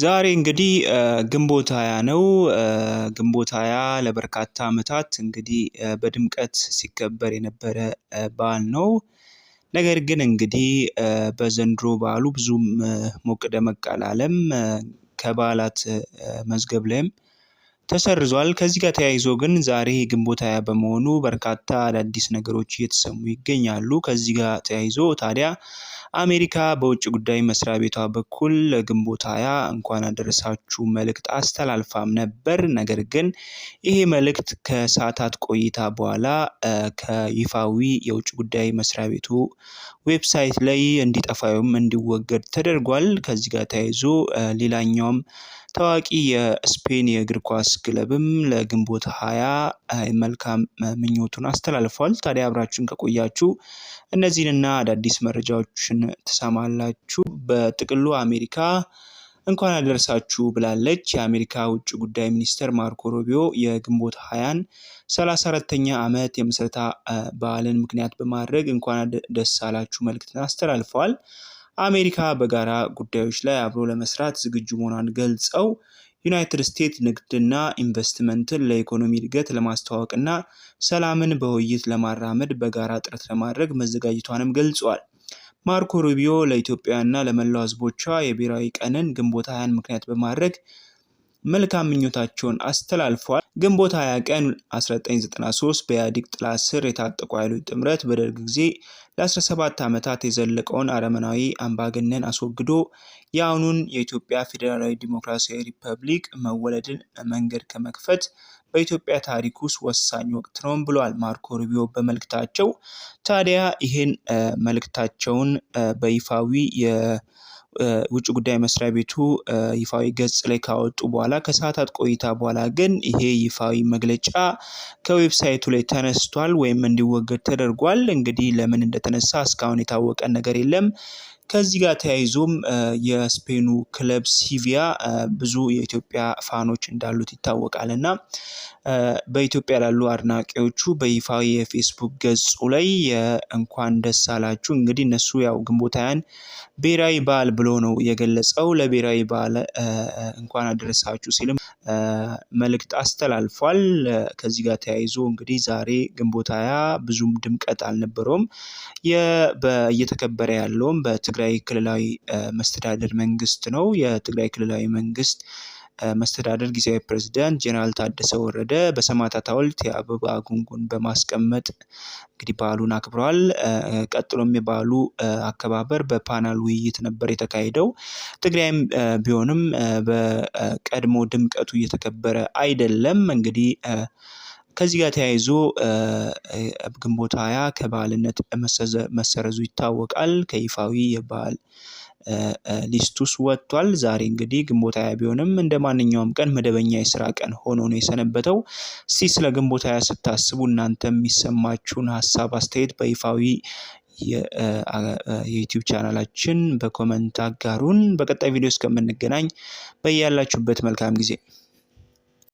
ዛሬ እንግዲህ ግንቦት ሃያ ነው። ግንቦት ሃያ ለበርካታ ዓመታት እንግዲህ በድምቀት ሲከበር የነበረ በዓል ነው። ነገር ግን እንግዲህ በዘንድሮ በዓሉ ብዙም ሞቅ ደመቅ አላለም። ከበዓላት መዝገብ ላይም ተሰርዟል። ከዚህ ጋር ተያይዞ ግን ዛሬ ግንቦት ሃያ በመሆኑ በርካታ አዳዲስ ነገሮች እየተሰሙ ይገኛሉ። ከዚህ ጋር ተያይዞ ታዲያ አሜሪካ በውጭ ጉዳይ መስሪያ ቤቷ በኩል ለግንቦት ሃያ እንኳን አደረሳችሁ መልእክት አስተላልፋም ነበር። ነገር ግን ይሄ መልእክት ከሰዓታት ቆይታ በኋላ ከይፋዊ የውጭ ጉዳይ መስሪያ ቤቱ ዌብሳይት ላይ እንዲጠፋ ወይም እንዲወገድ ተደርጓል። ከዚህ ጋር ተያይዞ ሌላኛውም ታዋቂ የስፔን የእግር ኳስ ክለብም ለግንቦት ሀያ መልካም ምኞቱን አስተላልፏል። ታዲያ አብራችሁን ከቆያችሁ እነዚህንና አዳዲስ መረጃዎችን ትሰማላችሁ። በጥቅሉ አሜሪካ እንኳን አደረሳችሁ ብላለች። የአሜሪካ ውጭ ጉዳይ ሚኒስትር ማርኮ ሮቢዮ የግንቦት ሀያን ሰላሳ አራተኛ ዓመት የምስረታ በዓልን ምክንያት በማድረግ እንኳን ደስ አላችሁ መልእክትን አስተላልፈዋል። አሜሪካ በጋራ ጉዳዮች ላይ አብሮ ለመስራት ዝግጁ መሆኗን ገልጸው ዩናይትድ ስቴትስ ንግድና ኢንቨስትመንትን ለኢኮኖሚ እድገት ለማስተዋወቅና ሰላምን በውይይት ለማራመድ በጋራ ጥረት ለማድረግ መዘጋጀቷንም ገልጿል። ማርኮ ሩቢዮ ለኢትዮጵያና ለመላው ሕዝቦቿ የብሔራዊ ቀንን ግንቦት ሃያን ምክንያት በማድረግ መልካም ምኞታቸውን አስተላልፈዋል። ግንቦት 20 ቀን 1993 በኢህአዴግ ጥላ ስር የታጠቁ ኃይሎች ጥምረት በደርግ ጊዜ ለ17 ዓመታት የዘለቀውን አረመናዊ አምባገነን አስወግዶ የአሁኑን የኢትዮጵያ ፌዴራላዊ ዲሞክራሲያዊ ሪፐብሊክ መወለድን መንገድ ከመክፈት በኢትዮጵያ ታሪክ ውስጥ ወሳኝ ወቅት ነው ብለዋል ማርኮ ሩቢዮ በመልእክታቸው። ታዲያ ይህን መልእክታቸውን በይፋዊ ውጭ ጉዳይ መስሪያ ቤቱ ይፋዊ ገጽ ላይ ካወጡ በኋላ ከሰዓታት ቆይታ በኋላ ግን ይሄ ይፋዊ መግለጫ ከዌብሳይቱ ላይ ተነስቷል ወይም እንዲወገድ ተደርጓል። እንግዲህ ለምን እንደተነሳ እስካሁን የታወቀ ነገር የለም። ከዚህ ጋር ተያይዞም የስፔኑ ክለብ ሲቪያ ብዙ የኢትዮጵያ ፋኖች እንዳሉት ይታወቃል እና በኢትዮጵያ ላሉ አድናቂዎቹ በይፋዊ የፌስቡክ ገጹ ላይ እንኳን ደስ አላችሁ እንግዲህ እነሱ ያው ግንቦት ሃያን ብሔራዊ በዓል ብሎ ነው የገለጸው። ለብሔራዊ በዓል እንኳን አደረሳችሁ ሲልም መልእክት አስተላልፏል። ከዚህ ጋር ተያይዞ እንግዲህ ዛሬ ግንቦት ሃያ ብዙም ድምቀት አልነበረውም እየተከበረ ያለውም በትግ የትግራይ ክልላዊ መስተዳደር መንግስት ነው። የትግራይ ክልላዊ መንግስት መስተዳደር ጊዜያዊ ፕሬዝዳንት ጄኔራል ታደሰ ወረደ በሰማዕታት ሐውልት የአበባ ጉንጉን በማስቀመጥ እንግዲህ በዓሉን አክብረዋል። ቀጥሎም የበዓሉ አከባበር በፓናል ውይይት ነበር የተካሄደው። ትግራይም ቢሆንም በቀድሞ ድምቀቱ እየተከበረ አይደለም እንግዲህ ከዚህ ጋር ተያይዞ ግንቦት ሃያ ከበዓልነት መሰረዙ ይታወቃል። ከይፋዊ የበዓል ሊስት ውስጥ ወጥቷል። ዛሬ እንግዲህ ግንቦት ቢሆንም እንደ ማንኛውም ቀን መደበኛ የስራ ቀን ሆኖ ነው የሰነበተው። እስቲ ስለ ግንቦት ስታስቡ እናንተ የሚሰማችሁን ሀሳብ፣ አስተያየት በይፋዊ የዩቲዩብ ቻናላችን በኮመንት አጋሩን። በቀጣይ ቪዲዮ እስከምንገናኝ በያላችሁበት መልካም ጊዜ